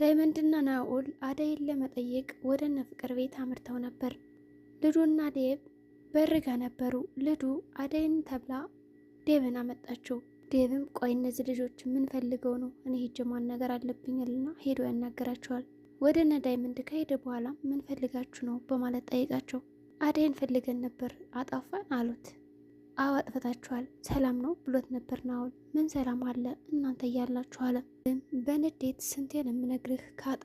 ዳይመንድና ናኦል አደይን ለመጠየቅ ወደ እነ ፍቅር ቤት አምርተው ነበር። ልዱና ዴብ በርጋ ነበሩ። ልዱ አደይን ተብላ ዴብን አመጣችው። ዴብም ቆይ እነዚህ ልጆች የምንፈልገው ነው እኔ ነገር ማናገር አለብኛልና ሄዶ ያናገራቸዋል። ወደ እነ ዳይመንድ ከሄደ በኋላ ምን ፈልጋችሁ ነው በማለት ጠይቃቸው አደይን ፈልገን ነበር አጣፋን አሉት። አዎ አጥፍታችኋል፣ ሰላም ነው ብሎት ነበር ናኦል። ምን ሰላም አለ እናንተ እያላችሁ አለ። በንዴት ስንቴ የምነግርህ ከአጣ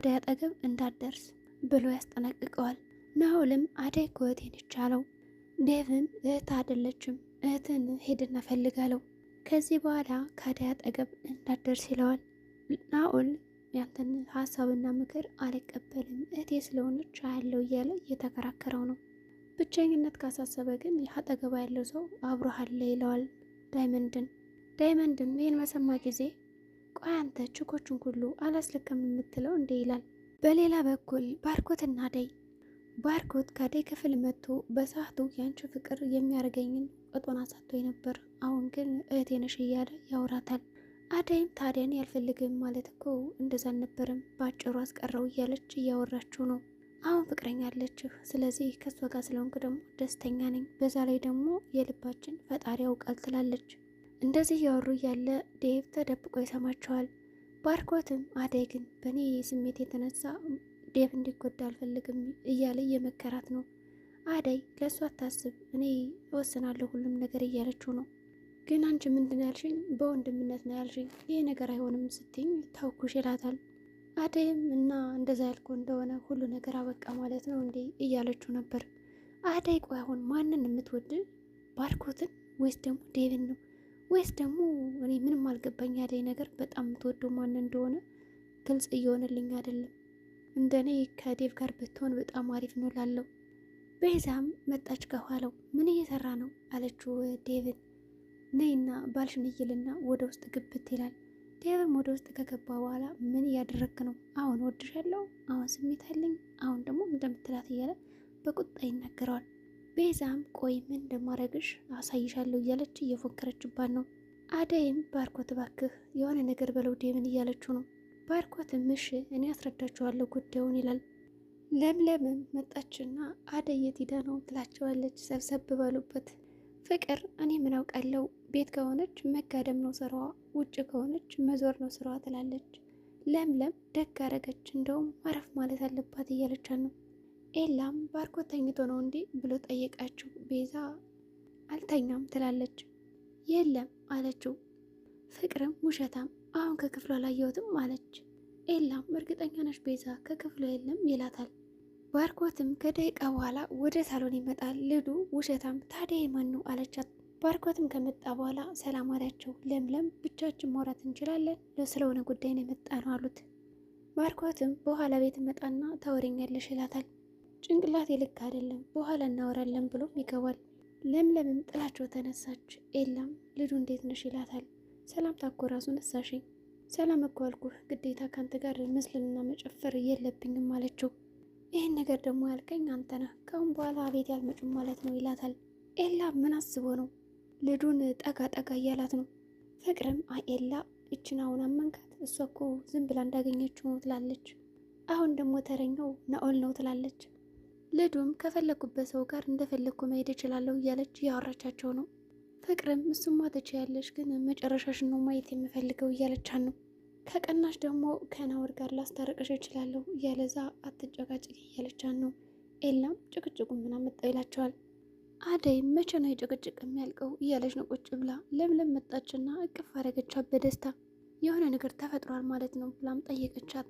ወደ አጠገብ እንዳትደርስ ብሎ ያስጠነቅቀዋል። ናኦልም አደይ ከወቴ ነች አለው። ዴቭም እህት አይደለችም እህትን ሄድና ፈልጋለው ከዚህ በኋላ ከአደይ አጠገብ እንዳትደርስ ይለዋል። ናኦል ያንተን ሀሳብና ምክር አልቀበልም እህቴ ስለሆነች አያለው እያለ እየተከራከረው ነው። ብቸኝነት ካሳሰበ ግን አጠገባ ያለው ሰው አብሮሃለ ይለዋል ዳይመንድን። ዳይመንድም ይህን በሰማ ጊዜ ቆይ አንተ ችኮችን ሁሉ አላስለከም የምትለው እንዴ ይላል። በሌላ በኩል ባርኮት እና አደይ ባርኮት ከአደይ ክፍል መጥቶ በሰዓቱ የአንቺ ፍቅር የሚያደርገኝን እጦን አሳቶ ነበር፣ አሁን ግን እህቴ ነሽ እያለ ያወራታል። አደይም ታዲያን ያልፈልግም ማለት እኮ እንደዛ አልነበረም በአጭሩ አስቀረው እያለች እያወራችው ነው። አሁን ፍቅረኛ አለችሁ ስለዚህ ከሷ ጋር ስለሆንኩ ደግሞ ደስተኛ ነኝ። በዛ ላይ ደግሞ የልባችን ፈጣሪ ያውቃል ትላለች። እንደዚህ ያወሩ እያለ ዴቭ ተደብቆ ይሰማቸዋል። ባርኮትም አደይ ግን በእኔ ስሜት የተነሳ ዴቭ እንዲጎዳ አልፈልግም እያለ እየመከራት ነው። አደይ ለእሱ አታስብ፣ እኔ እወስናለሁ ሁሉም ነገር እያለችው ነው። ግን አንቺ ምንድን ያልሽኝ? በወንድምነት ነው ያልሽኝ። ይሄ ነገር አይሆንም ስትኝ ታውኩሽ ይላታል። አደይም እና እንደዛ ያልኩ እንደሆነ ሁሉ ነገር አበቃ ማለት ነው እንዴ እያለችው ነበር። አደይ ቆይ አሁን ማንን የምትወድ ባርኮትን ወይስ ደግሞ ዴቪን ነው ወይስ ደግሞ እኔ ምንም አልገባኝ። ያደይ ነገር በጣም የምትወደው ማን እንደሆነ ግልጽ እየሆነልኝ አይደለም። እንደኔ ከዴቭ ጋር ብትሆን በጣም አሪፍ ነው ላለው። ቤዛም መጣች ከኋላው ምን እየሰራ ነው አለችው። ዴቪን ነይና ባልሽን ይልና ወደ ውስጥ ግብት ይላል። ዴቭም ወደ ውስጥ ከገባ በኋላ ምን እያደረግክ ነው? አሁን ወድሻለሁ፣ አሁን ስሜት አለኝ፣ አሁን ደግሞ እንደምትላት እያለ በቁጣ ይናገረዋል። ቤዛም ቆይ ምን እንደማረግሽ አሳይሻለሁ እያለች እየፎከረችባት ነው። አደይም ባርኮት እባክህ የሆነ ነገር በለው ዴቭን እያለችው ነው። ባርኮትም እሺ እኔ አስረዳችኋለሁ ጉዳዩን ይላል። ለምለምም መጣችና አደይ የት ሄዳ ነው ትላቸዋለች። ሰብሰብ ባሉበት ፍቅር እኔ ምን አውቃለሁ ቤት ከሆነች መጋደም ነው ስራዋ፣ ውጭ ከሆነች መዞር ነው ስራዋ ትላለች። ለምለም ደግ አረገች፣ እንደውም አረፍ ማለት አለባት እያለች ነው። ኤላም ባርኮት ተኝቶ ነው እንዴ ብሎ ጠየቃችሁ። ቤዛ አልተኛም ትላለች። የለም አለችው። ፍቅርም ውሸታም አሁን ከክፍሉ አላየሁትም አለች። ኤላም እርግጠኛ ነች ቤዛ ከክፍሉ የለም ይላታል። ባርኮትም ከደቂቃ በኋላ ወደ ሳሎን ይመጣል። ልዱ ውሸታም ታዲያ የማን ነው አለቻት። ባርኮትም ከመጣ በኋላ ሰላም አላቸው። ለምለም ብቻችን ማውራት እንችላለን፣ ስለሆነ ጉዳይ ነው የመጣ ነው አሉት። ባርኮትም በኋላ ቤት መጣና ታወሪኛለሽ ይላታል። ጭንቅላት ይልክ አይደለም በኋላ እናወራለን ብሎም ይገባል። ለምለምም ጥላቸው ተነሳች። ኤላም ልጁ እንዴት ነሽ ይላታል። ሰላም ታኮ ራሱ ነሳሽኝ። ሰላም እኮ አልኩህ ግዴታ ከአንተ ጋር መስለንና መጨፈር የለብኝም አለችው። ይህን ነገር ደግሞ ያልቀኝ አንተ ነህ። ከአሁን በኋላ ቤት ያልመጩ ማለት ነው ይላታል። ኤላ ምን አስቦ ነው ልዱን ጠጋ ጠጋ እያላት ነው። ፍቅርም አኤላ እችን አሁን አመንካት፣ እሷ እኮ ዝም ብላ እንዳገኘችው ነው ትላለች። አሁን ደግሞ ተረኛው ናኦል ነው ትላለች። ልዱም ከፈለግኩበት ሰው ጋር እንደፈለግኩ መሄድ እችላለሁ እያለች እያወራቻቸው ነው። ፍቅርም ምስማ ትችያለሽ፣ ግን መጨረሻሽን ነው ማየት የምፈልገው እያለቻን ነው። ከቀናሽ ደግሞ ከናወር ጋር ላስታረቀሽ እችላለሁ እያለዛ አትጨቃጭቅ እያለቻን ነው። ኤላም ጭቅጭቁ ምናምን ጠው ይላቸዋል። አደይ መቼ ነው የጭቅጭቅ የሚያልቀው እያለች ነው ቁጭ ብላ። ለምለም መጣችና እቅፍ አረገቻ በደስታ የሆነ ነገር ተፈጥሯል ማለት ነው ብላም ጠየቀቻት።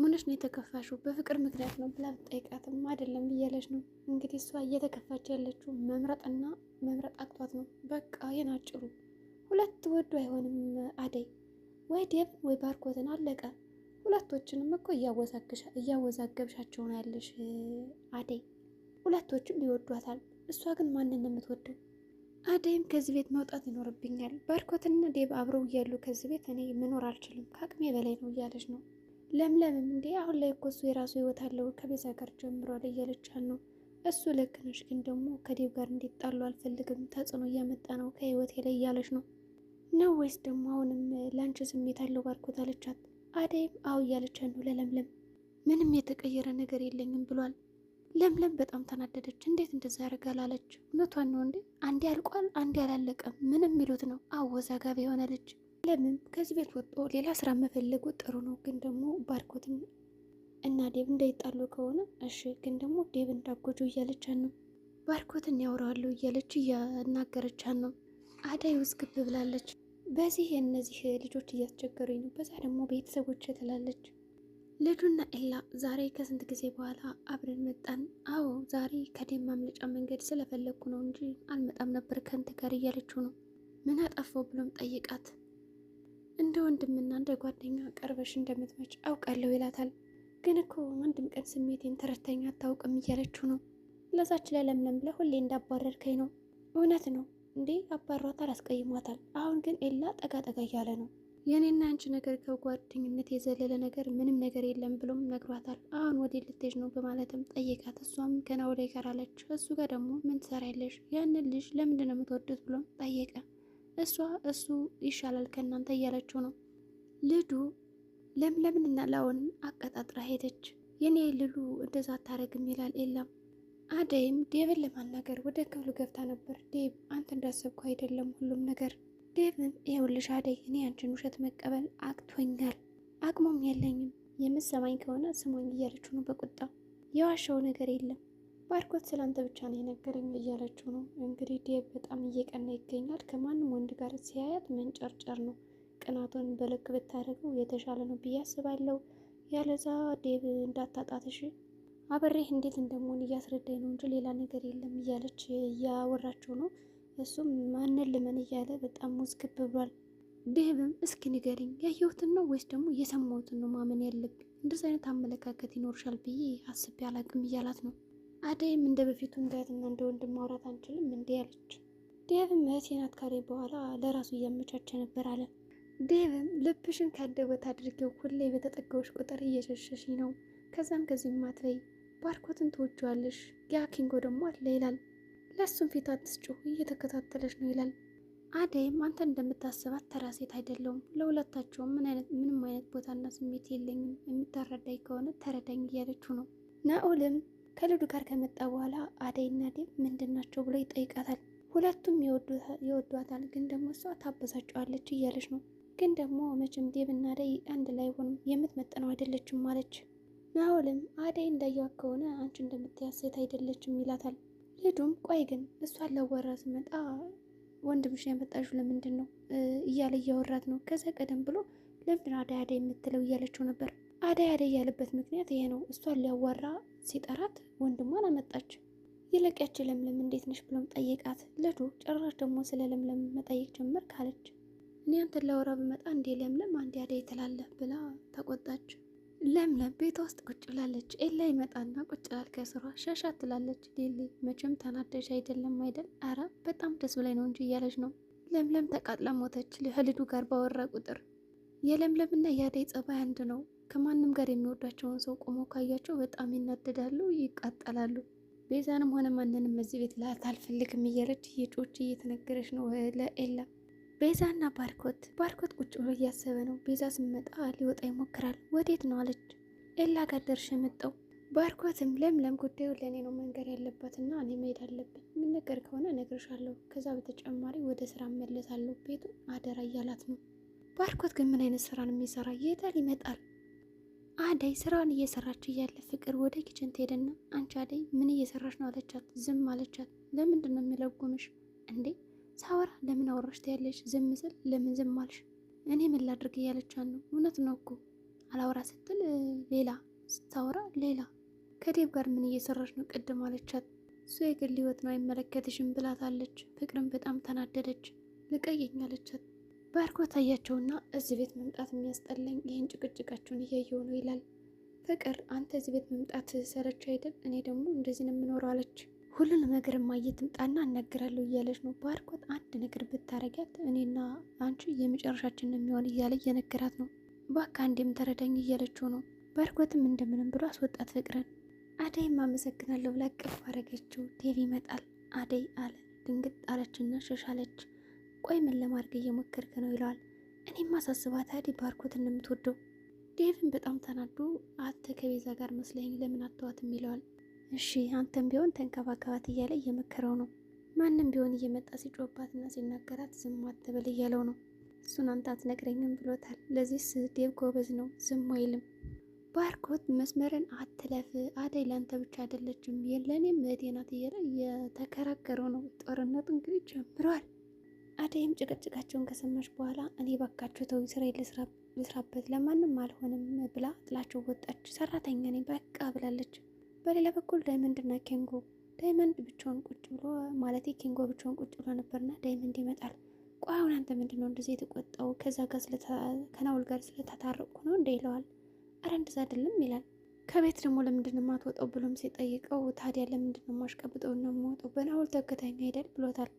ምንሽ ነው የተከፋሽው? በፍቅር ምክንያት ነው ብላ ጠይቃትም አይደለም እያለች ነው እንግዲህ እሷ እየተከፋች ያለችው መምረጥና መምረጥ አቅቷት ነው። በቃ የናጭሩ ሁለት ወዱ አይሆንም አደይ ወይ ዴቭ ወይ ባርኮትን አለቀ። ሁለቶችንም እኮ እያወዛገብሻቸው ነው ያለሽ አደይ። ሁለቶችም ይወዷታል እሷ ግን ማንን ነው የምትወደው? አደይም ከዚህ ቤት መውጣት ይኖርብኛል፣ ባርኮትና ዴብ አብረው እያሉ ከዚህ ቤት እኔ መኖር አልችልም፣ ከአቅሜ በላይ ነው እያለች ነው። ለምለምም እንዴ አሁን ላይ እኮ እሱ የራሱ ህይወት አለው ከቤዛ ጋር ጀምሯል እያለቻት ነው። እሱ ልክ ነሽ፣ ግን ደግሞ ከዴብ ጋር እንዲጣሉ አልፈልግም፣ ተጽዕኖ እያመጣ ነው ከህይወቴ ላይ እያለች ነው። ነው ወይስ ደግሞ አሁንም ለአንቺ ስሜት አለው ባርኮት አለቻት። አደይም አው እያለቻት ነው ለለምለም። ምንም የተቀየረ ነገር የለኝም ብሏል ለምለም በጣም ተናደደች። እንዴት እንደዛ ያደርጋል አለች። እውነቷን ነው እንዴ? አንዴ አልቋል፣ አንዴ አላለቀም። ምንም የሚሉት ነው። አወዛጋቢ የሆነ ልጅ። ለምለም ከዚህ ቤት ወጥቶ ሌላ ስራ መፈለጉ ጥሩ ነው፣ ግን ደግሞ ባርኮትም እና ዴብ እንዳይጣሉ ከሆነ እሺ፣ ግን ደግሞ ዴብ እንዳጎጆ እያለቻን ነው። ባርኮትን ያወራሉ እያለች እያናገረቻን ነው። አዳይ ውስጥ ግብ ብላለች። በዚህ የእነዚህ ልጆች እያስቸገሩኝ ነው፣ በዛ ደግሞ ቤተሰቦች ትላለች። ልዱና ኤላ ዛሬ ከስንት ጊዜ በኋላ አብረን መጣን። አዎ ዛሬ ከደም ማምለጫ መንገድ ስለፈለግኩ ነው እንጂ አልመጣም ነበር ከንት ጋር እያለችው ነው። ምን አጠፋው ብሎም ጠይቃት፣ እንደ ወንድምና እንደ ጓደኛ ቀርበሽ እንደምትመች አውቃለሁ ይላታል። ግን እኮ አንድም ቀን ስሜቴን ተረድተኸኝ አታውቅም እያለችው ነው። ለዛች ለለምለም ብለህ ሁሌ እንዳባረርከኝ ነው። እውነት ነው እንዴ አባሯት አስቀይሟታል። አሁን ግን ኤላ ጠጋ ጠጋ እያለ ነው የእኔና አንቺ ነገር ከጓደኝነት የዘለለ ነገር ምንም ነገር የለም ብሎም ነግሯታል። አሁን ወደ ልትሄጂ ነው በማለትም ጠይቃት፣ እሷም ገና ወደ ይቀራለች። እሱ ጋር ደግሞ ምን ትሰሪያለሽ? ያንን ልጅ ለምንድን ነው የምትወዱት? ብሎም ጠየቀ። እሷ እሱ ይሻላል ከእናንተ እያለችው ነው። ልዱ ለምለምንና ላውን አቀጣጥራ ሄደች። የኔ ልሉ እንደዛ አታረግም ይላል የለም አደይም ዴብን ለማናገር ወደ ክፍሉ ገብታ ነበር። ዴብ አንተ እንዳሰብኩ አይደለም ሁሉም ነገር ዴቭም ይኸውልሽ አደይ፣ እኔ አንቺን ውሸት መቀበል አቅቶኛል፣ አቅሞም የለኝም። የምትሰማኝ ከሆነ ስሙኝ እያለችው ነው በቁጣ የዋሻው ነገር የለም ባርኮት ስለአንተ ብቻ ነው የነገረኝ እያለችው ነው። እንግዲህ ዴቭ በጣም እየቀና ይገኛል። ከማንም ወንድ ጋር ሲያያት መንጨርጨር ነው። ቅናቱን በልክ ብታደርገው የተሻለ ነው ብዬ አስባለሁ። ያለዛ ዴቭ እንዳታጣትሽ አብሬህ እንዴት እንደመሆን እያስረዳኝ ነው እንጂ ሌላ ነገር የለም እያለች እያወራችው ነው። እሱም ማንን ልመን እያለ በጣም ውዝግብ ብሏል። ድህብም እስኪ ንገሪኝ ያየሁትን ነው ወይስ ደግሞ የሰማሁትን ነው ማመን ያለብኝ? እንደዚህ አይነት አመለካከት ይኖርሻል ብዬ አስቤ አላቅም እያላት ነው። አደይም እንደ በፊቱ እንዳያትና እንደ ወንድም ማውራት አንችልም እንዲህ ያለች። ዴቭም እህቴ ናት በኋላ ለራሱ እያመቻቸ ነበር አለ። ዴቭም ልብሽን ካደበት አድርጌው ሁሌ በተጠጋዎች ቁጥር እየሸሸሽ ነው። ከዛም ከዚህ ማትለይ ባርኮትን ትወጂዋለሽ፣ ያ ኪንጎ ደግሞ አለ ይላል። ለእሱም ፊት አትስጩ እየተከታተለች ነው ይላል። አደይም አንተ እንደምታስባት ተራ ሴት አይደለውም። ለሁለታቸውም ምን አይነት ምንም አይነት ቦታና ስሜት የለኝም። የምታረዳኝ ከሆነ ተረዳኝ እያለችው ነው። ናኦልም ከልዱ ጋር ከመጣ በኋላ አደይና ዴብ ምንድን ናቸው ብሎ ይጠይቃታል። ሁለቱም ይወዷታል፣ ግን ደግሞ እሷ ታበሳጨዋለች እያለች ነው። ግን ደግሞ መቼም ዴብ እና አደይ አንድ ላይ ሆኑ የምትመጠነው አይደለችም አለች። ናኦልም አደይ እንዳየዋት ከሆነ አንቺ እንደምትያት ሴት አይደለችም ይላታል። ልዱም ቆይ ግን እሷን ላወራ ስመጣ ወንድምሽን ያመጣሽው ለምንድን ነው እያለ እያወራት ነው። ከዛ ቀደም ብሎ ለምንድን ነው አደይ አደይ የምትለው እያለችው ነበር። አደይ አደይ ያለበት ምክንያት ይሄ ነው። እሷን ሊያዋራ ሲጠራት ወንድሟን አመጣች። ይለቅያች ለምለም እንዴት ነሽ ብሎም ጠይቃት። ልዱ ጭራሽ ደግሞ ስለ ለምለም መጠየቅ ጀመር ካለች እኔ አንተን ላወራ ብመጣ እንዴ ለምለም አንዴ አደይ ትላለህ ብላ ተቆጣች። ለምለም ቤቷ ውስጥ ቁጭ ብላለች። ኤላ ይመጣና ቁጭ ላል ከስሯ ሻሻ ትላለች። ሊሊ መቼም ተናደሽ አይደለም አይደል? አረ በጣም ደስ ብላይ ነው እንጂ እያለች ነው። ለምለም ተቃጥላ ሞተች። ከልዱ ጋር ባወራ ቁጥር የለምለምና የአደይ ጸባይ አንድ ነው። ከማንም ጋር የሚወዳቸውን ሰው ቆሞ ካያቸው በጣም ይናደዳሉ፣ ይቃጠላሉ። ቤዛንም ሆነ ማንንም እዚህ ቤት ላት አልፈልግም እያለች እየጮች እየተነገረች ነው ለኤላ ቤዛና ባርኮት ባርኮት ቁጭ ብሎ እያሰበ ነው። ቤዛ ስመጣ ሊወጣ ይሞክራል። ወዴት ነው አለች። ኤላ ጋር ደርሼ መጣሁ። ባርኮትም ለምለም ጉዳዩ ለእኔ ነው መንገር ያለባትና እኔ መሄድ አለብን። ነገር ከሆነ እነግርሻለሁ። ከዛ በተጨማሪ ወደ ስራ መለሳለሁ። ቤቱን አደራ እያላት ነው። ባርኮት ግን ምን አይነት ስራ ነው የሚሰራ? ይሄዳል፣ ይመጣል። አደይ ስራውን እየሰራች እያለ ፍቅር ወደ ኪችን ትሄደና አንቺ አደይ ምን እየሰራች ነው አለቻት። ዝም አለቻት። ለምንድን ነው የሚለጎምሽ እንዴ ሳወራ ለምን አወራሽ ትያለሽ፣ ዝም ስል ለምን ዝም አልሽ፣ እኔ ምን ላድርግ እያለቻት ነው። እውነት ነው እኮ አላወራ ስትል ሌላ ስታወራ ሌላ። ከዴብ ጋር ምን እየሰራች ነው ቅድም አለቻት። እሱ የግል ህይወት ነው አይመለከትሽም ብላታለች። ፍቅርም በጣም ተናደደች። ልቀየኝ አለቻት። ባርኮት ታያቸውና እዚህ ቤት መምጣት የሚያስጠላኝ ይህን ጭቅጭቃችሁን እያየው ነው ይላል። ፍቅር አንተ እዚህ ቤት መምጣት ሰረች አይደል? እኔ ደግሞ እንደዚህ ነው የምኖረው አለች። ሁሉንም ነገር ማየትምጣና እነግራለሁ እያለች ነው። ባርኮት አንድ ነገር ብታረጊያት እኔና አንቺ የመጨረሻችን የሚሆን እያለ እየነገራት ነው። ባካ አንዴም ተረዳኝ እያለችው ነው። ባርኮትም እንደምንም ብሎ አስወጣት ፍቅርን። አደይም አመሰግናለሁ ብላ ቅፍ አረገችው። ቴቪ ይመጣል አደይ አለ። ድንግጥ አለችና ሸሻለች። ቆይ ምን ለማድረግ እየሞከርክ ነው ይለዋል። እኔም አሳስባት አደይ ባርኮትን የምትወደው ዴቭን በጣም ተናዶ አተ ከቤዛ ጋር መስለኝ ለምን አተዋትም ይለዋል። እሺ አንተም ቢሆን ተንከባከባት እያለ እየመከረው ነው። ማንም ቢሆን እየመጣ ሲጮባትና ሲናገራት ዝም አትበል እያለው ነው። እሱን አንተ አትነግረኝም ብሎታል። ለዚህ ስዴብ ጎበዝ ነው፣ ዝም አይልም። ባርኮት መስመርን አትለፍ አደይ ለአንተ ብቻ አይደለችም የለኔም እህቴ ናት እያለ እየተከራከረው ነው። ጦርነቱ እንግዲህ ጀምረዋል። አደይም ጭቅጭቃቸውን ከሰማች በኋላ እኔ ባካቸው ተው ስራ ልስራበት፣ ለማንም አልሆንም ብላ ጥላቸው ወጣች። ሰራተኛ ነኝ በቃ ብላለች። በሌላ በኩል እና ኬንጎ ዳይመንድ ብቻውን ቁጭ ብሎ ማለት ኬንጎ ብቻውን ቁጭ ብሎ ነበርና ዳይመንድ ይመጣል። ቆይ አሁን አንተ ምንድን ነው እንደዚህ የተቆጣው? ከዛ ጋር ከናውል ጋር ስለተታረቅኩ ነው እንደ ይለዋል። አረ እንደዛ አይደለም ይላል። ከቤት ደግሞ ለምንድን ነው የማትወጣው ብሎም ሲጠይቀው ታዲያ ለምንድን ነው የማሽቀብጠው እና የማወጣው በናውል ተከታይ አይደል ብሎታል።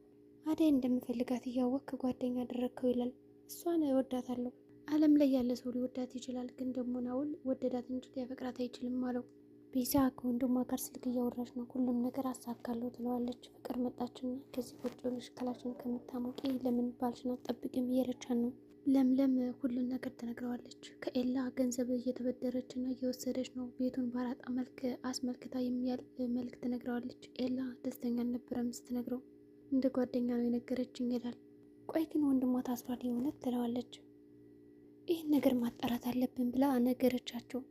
አደይ እንደምፈልጋት እያወቅክ ጓደኛ አደረግከው ይላል። እሷን እወዳታለሁ። አለም ላይ ያለ ሰው ሊወዳት ይችላል፣ ግን ደግሞ ናውል ወደዳት እንጂ ሊያፈቅራት አይችልም አለው። ቤዛ ከወንድሟ ጋር ስልክ እያወራች ነው። ሁሉም ነገር አሳካለሁ ትለዋለች። ፍቅር መጣችና ከዚህ ቁጭ ብለሽ ከምታሞቂ ለምን ባልሽን አትጠብቂም እያለቻት ነው። ለምለም ሁሉን ነገር ትነግረዋለች። ከኤላ ገንዘብ እየተበደረች እና እየወሰደች ነው። ቤቱን በአራጣ መልክ አስመልክታ የሚያል መልክ ትነግረዋለች። ኤላ ደስተኛ አልነበረም ስትነግረው። እንደ ጓደኛ ነው የነገረችኝ ይላል። ቆይ ግን ወንድሟ ታስሯል የሆነ ትለዋለች። ይህን ነገር ማጣራት አለብን ብላ ነገረቻቸው።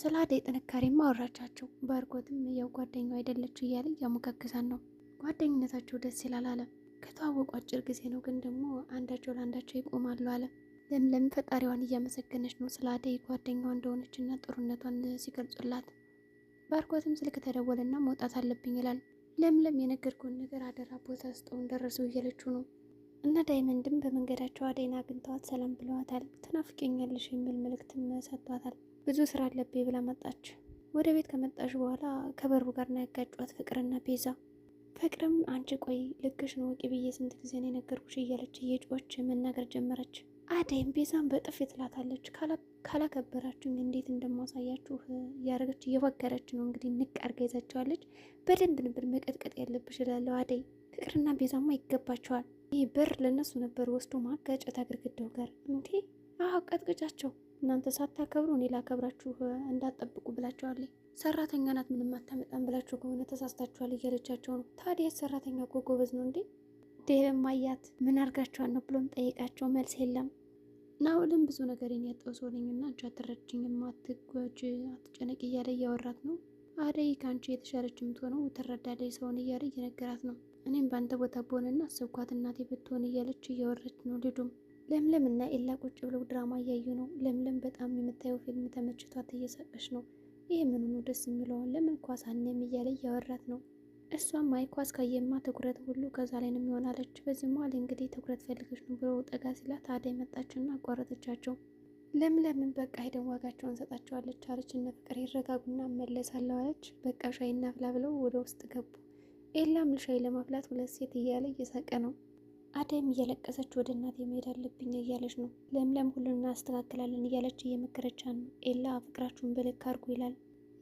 ስለ አደይ ጥንካሬ አወራቻቸው። ባርኮትም ያው ጓደኛው አይደለችው እያለ እያሞካከሳን ነው። ጓደኝነታቸው ደስ ይላል አለ። ከተዋወቁ አጭር ጊዜ ነው፣ ግን ደግሞ አንዳቸው ለአንዳቸው ይቆማሉ አለ። ለምለም ፈጣሪዋን እያመሰገነች ነው ስለ አደይ ጓደኛዋ እንደሆነች እና ጥሩነቷን ሲገልጹላት፣ ባርኮትም ስልክ ተደወለና መውጣት አለብኝ ይላል። ለምለም የነገርኩን ነገር አደራ ቦታ ስጠውን ደረሰው እያለችው ነው። እና ዳይመንድም በመንገዳቸው አደይን አግኝተዋት ሰላም ብለዋታል። ትናፍቀኛለሽ የሚል መልእክትም ሰጥቷታል። ብዙ ስራ አለብኝ ብላ መጣች። ወደ ቤት ከመጣች በኋላ ከበሩ ጋር ነው ያጋጯት ፍቅርና ቤዛ። ፍቅርም አንቺ ቆይ ልክሽ ነው ወቂ ብዬ ስንት ጊዜ ነው የነገርኩሽ እያለች እየጮች መናገር ጀመረች። አደይም ቤዛን በጥፍ ትላታለች። ካላከበራችሁኝ እንዴት እንደማሳያችሁ እያደረገች እየወገረች ነው እንግዲህ ንቅ አርጋ ይዛቸዋለች። በደንብ ንብር መቀጥቀጥ ያለብሽ እላለሁ አደይ። ፍቅርና ቤዛማ ይገባቸዋል። ይህ በር ለእነሱ ነበር ወስዶ ማጋጨት ግድግዳው ጋር እንዴ አሁ ቀጥቅጫቸው፣ እናንተ ሳታከብሩ እኔ ላከብራችሁ እንዳትጠብቁ ብላቸዋለኝ። ሰራተኛ ናት ምንም አታመጣም ብላችሁ ከሆነ ተሳስታችኋል እያለቻቸው ነው። ታዲያ ሰራተኛ እኮ ጎበዝ ነው እንዴ ዴብም አያት ምን አርጋቸዋል ነው ብሎም ጠይቃቸው፣ መልስ የለም። ናውልም ብዙ ነገር የሚያጠው ሰው ነኝና አንቺ አትረጅኝም፣ አትጓጅ፣ አትጨነቅ እያለ እያወራት ነው። አደይ ከአንቺ የተሻለች የምትሆነው ትረዳለች ሰውን እያለ እየነገራት ነው። እኔም በአንተ ቦታ በሆነና አሰብኳት እናቴ ብትሆን እያለች እያወራች ነው ልዱም ለምለም እና ኤላ ቁጭ ብለው ድራማ እያዩ ነው። ለምለም በጣም የምታየው ፊልም ተመችቷት እየሳቀች ነው። ይህ ምን ደስ የሚለውን ለምን ኳስ አናይም እያለ እያወራት ነው። እሷም አይ ኳስ ካየማ ትኩረት ሁሉ ከዛ ላይ ነው የሚሆን አለች። በዚህ መሀል እንግዲህ ትኩረት ፈልገች ነው ብሎ ጠጋ ሲላት አዳይ መጣችና አቋረጠቻቸው። ለምለምን በቃ ሄደን ዋጋቸውን ሰጣቸዋለች አለች። እነ ፍቅር ይረጋጉና መለሳለሁ አለች። በቃ ሻይና እናፍላ ብለው ወደ ውስጥ ገቡ። ኤላም ሻይ ለማፍላት ሁለት ሴት እያለ እየሳቀ ነው። አደይም እያለቀሰች ወደ እናቴ መሄድ አለብኝ እያለች ነው። ለምለም ሁሉን እናስተካክላለን እያለች እየመከረቻ ነው። ኤላ ፍቅራችሁን በልክ አድርጉ ይላል።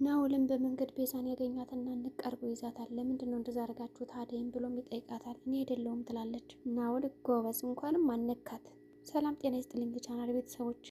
ናውልም በመንገድ ቤዛን ያገኛትና ንቅ አድርጎ ይዛታል። ለምንድን ነው እንደዛ አድርጋችሁት አደይም ብሎም ይጠይቃታል። እኔ አይደለሁም ትላለች። ናውል ጎበዝ፣ እንኳንም አነካት። ሰላም ጤና ይስጥልኝ ቻናል ቤተሰቦች